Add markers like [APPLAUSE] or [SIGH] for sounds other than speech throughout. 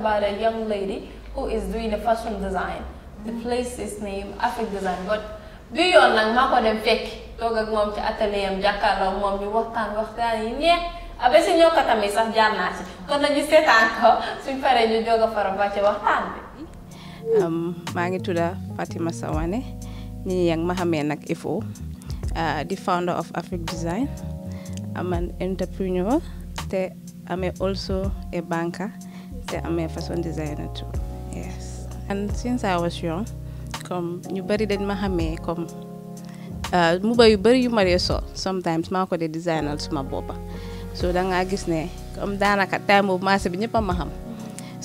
about a young lady who is doing a fashion design. The place is named Afric Design, but bi dem ak ci atelier am jàkkaarloo moom ñu waxtaan waxtaan yi ñoo sax jaar ci kon nañu ko suñ ñu waxtaan bi. Um, ngi Fatima Sawane ñi yang ma IFO uh, founder of Afric Design am an entrepreneur te amee also a banker. te amee façon designer too yes and since I was young comme ñu bëri dañ ma xamee comme euh, mbuba yu bëri yu ma dee sol sometimes maa ko dee designal suma boppa so da ngaa gis ne comme daanaka time boobu marché bi ñëpp a ma xam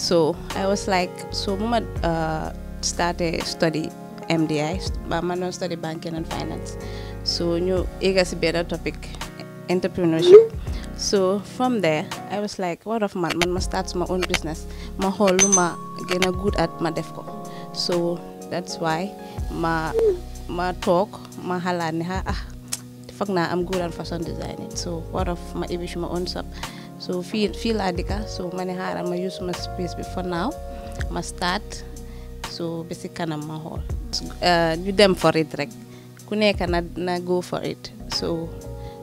so I was like so mu ma euh, starté study MDI ba ma doon study banking and finance so ñu éega si benn topic entrepreneurship so from there I was like what of man man start my own business ma xool a good at my defco. so that's why my talk, toog ma xalaat ne xa ah foog am good at fashion designing so what of my ibish my own shop so feel feel adika. so ma ne xaaral ma use my space before now ma start so basically si kanam ma you them for it like. Kuna nekk na na go for it so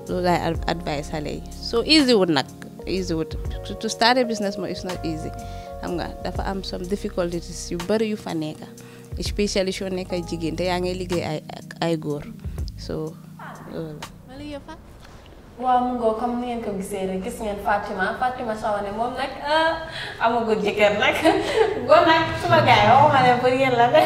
loolu laay advice xale yi so easy wut nag easy wut to start a business mooy it's not easy xam nga dafa am some difficulties yu bëri yu fa nekka especially soo nekk ay jigéen te yaa ngay liggéey ay ay góor so waaw mu ngoo comme ni ngeen ko gisee rek gis ngeen Fatima Fatima Sowane moom nag ah, amagul jëkkër nag kon nag suma gars yi ma ne pour yéen la ne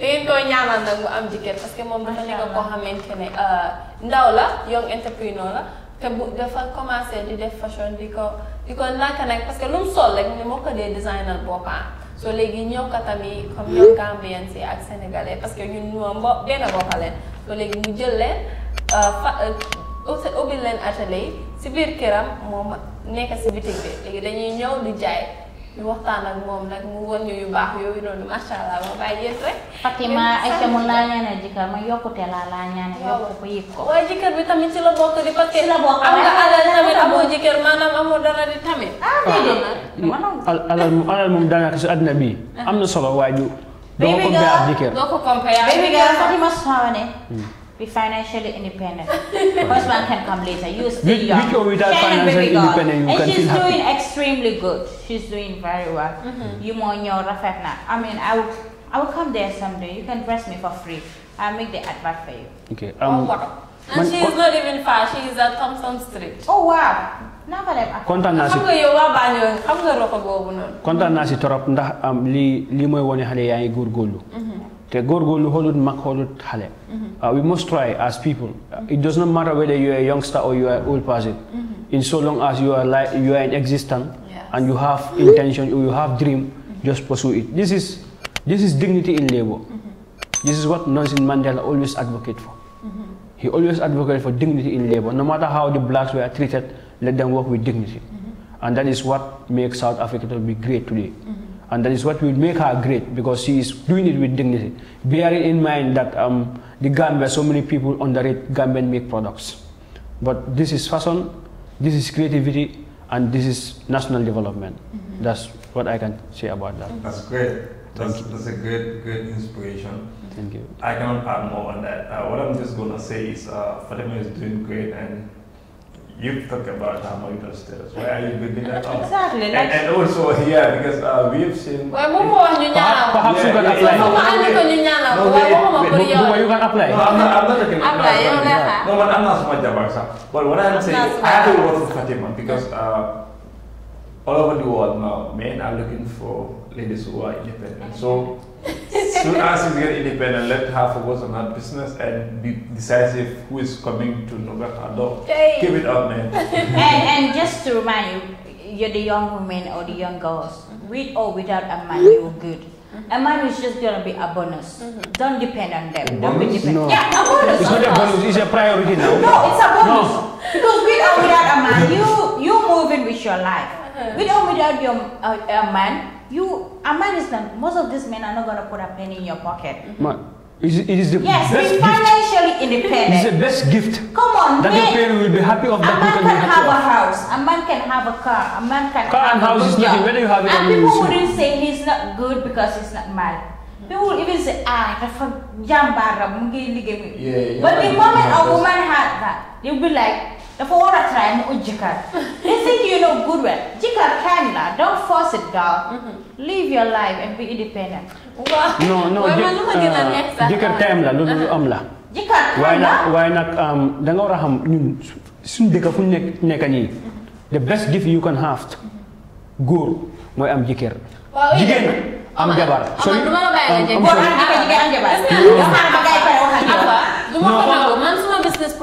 ngeen [LAUGHS] koy ñaanal nag mu am jëkkër parce que moom dafa nekk koo xamante ne ah, ndaw la young entrepreneur la te bu dafa commencé di def fashion di ko di ko naka nag parce que lu mu sol rek ni moo ko dee designer boppam so léegi ñëw katam yi comme ñoom Gambien si ak Sénégalais parce que ñun ñoo mbo benn boppa leen so léegi mu jël leen ah, au ubbil leen atelier yi si biir këram moom nekk si bitig bi léegi dañuy ñëw di jaay ñu waxtaan ak moom nag mu won ñu yu baax yooyu noonu macha allah ma bàyyi yéen rek. Fatima ayca mun laa ñaanal jëkkër ma yokkute laa laa ñaanal yokku ko yëg ko. waaye jëkkër bi tamit ci la bokk di parce que. la bokk am nga alal tamit amoo jëkkër maanaam amoo dara di tamit. ah déedéet. alal alal moom daanaka si àddina bi. am na solo waaju. doo ko compé ak jëkkër doo ko compé ak. Fatima Sawane. be financially independent. Husband can come later. You're still with, young. With or without financially independent, you and she's doing happy. extremely good. She's doing very well. Mm-hmm. You more your rafetna. I mean, I will, I will come there someday. You can dress me for free. I'll make the advert for you. Okay. Oh, um, oh, and she is not even far. She is at Thompson Street. Oh wow. kontaan naa si kontaan naa si torop ndax am um, li li mooy wone xale yaa ngi góorgóorlu mm-hmm te góorgóorlu xoolut mag xoolut we must try as people. it does not matter whether you are a youngster or you are old person. Mm-hmm. in so long as you are like you are in existence and you have intention or you have dream, mm-hmm. just pursue it. This is this is dignity in labor. Mm-hmm. This is what Nelson Mandela always advocated for. He always advocated for dignity in labor. No matter how the blacks were treated, let them work with dignity. And that is what makes South Africa to be great today and that is what will make her great because she is doing it with dignity bearing in mind that um, the Gambia so many people underrate Gambian make products but this is fashion this is creativity and this is national development mm -hmm. that's what I can say about that that's great that's, that's a great great inspiration thank you I cannot add more on that uh, what I'm just gonna say is uh, Fatima is doing great and you talk about how much downstairs. Why are you building that up? Exactly. Like and, and, also, yeah, because uh, we've seen. Well, Momo perhaps, perhaps you're gonna apply. Yeah. No, wait, wait, wait, you can apply. No, I'm not, I'm not talking about apply. No, yeah. no, but I'm not so much about But what I'm saying, I have to work for Fatima because uh, all over the world now, men are looking for ladies who are independent. So soon [LAUGHS] as she's get independent, let her focus on her business and be decisive who is coming to knock at her door. Give it up, man. [LAUGHS] and, and just to remind you, you're the young women or the young girls, with or without a man, you're good. A man is just gonna be a bonus. Mm -hmm. Don't depend on them. Don't be No. Yeah, a bonus. It's not a bonus. It's a priority now. No, it's a bonus. No. Because with or without a man, you finish your life. Without without your uh, a man, you a man is not. Most of these men are not gonna put a penny in your pocket. Man. It is, it is the yes, best gift. financially independent. It's the best gift. Come on, that man. the will be happy of that. A man can have a house. A man can have a car. A man can. Car and house is nothing. Whether you have it, and people wouldn't say he's not good because he's not mad. People even say, ah, dafa jambara, mungi ligay Yeah, yeah. But the moment a woman has that, they'll be like, dafa ora try mo ujikar. think you know good well jëkkër kañ la don't force it girl. Mm-hmm. live your life and la loolu uh, lu am la. waaye nag waaye war a xam ñun suñu fu ñu nekk nekk nii. the best gift you can have góor mooy am jëkkër. jigéen um, um, am jabar. am jabar.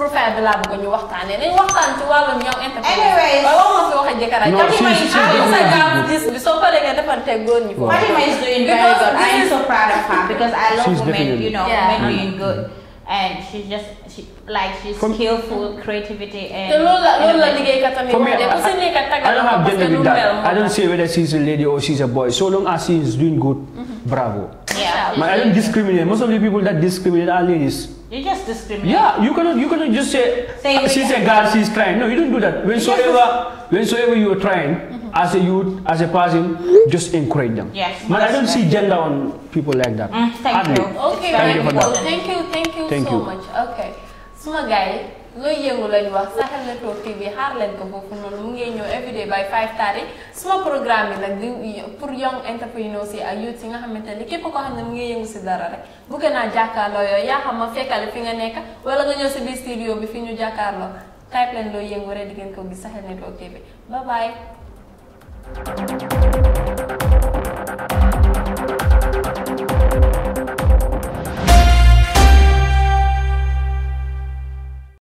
doing very good I am so proud of her because I love women you know women doing good and she's just she, like she's from, skillful creativity and for me, I, I don't have gender with that I don't say whether she's a lady or she's a boy so long as she's doing good mm -hmm. bravo yeah but I don't discriminate most of the people that discriminate are ladies you just discriminate yeah you cannot you cannot just say, say ah, she's a girl she's trying no you don't do that whensoever whensoever you are trying mm -hmm. as a youth, as a person, just encourage them. Yes. But I don't see gender on people like that. Mm, thank Hardly. you. Okay. Thank you for that. Thank you. Thank you thank so you. much. Okay. my guy, lo yengu lañ wax Sahel Network TV Harlan leen ko fofu nonu mu ngey ñew everyday by 5:30 suma programme nak pour young entrepreneurs si ak youth yi nga xamanteni képp ko xamne mu ngey yengu ci dara rek bu gëna jakarlo yo ya xam ma fekkal fi nga nekk wala nga ñew ci bi studio bi fi ñu type leen lo yengu rek di ko gis Sahel Network TV bye bye Thank you.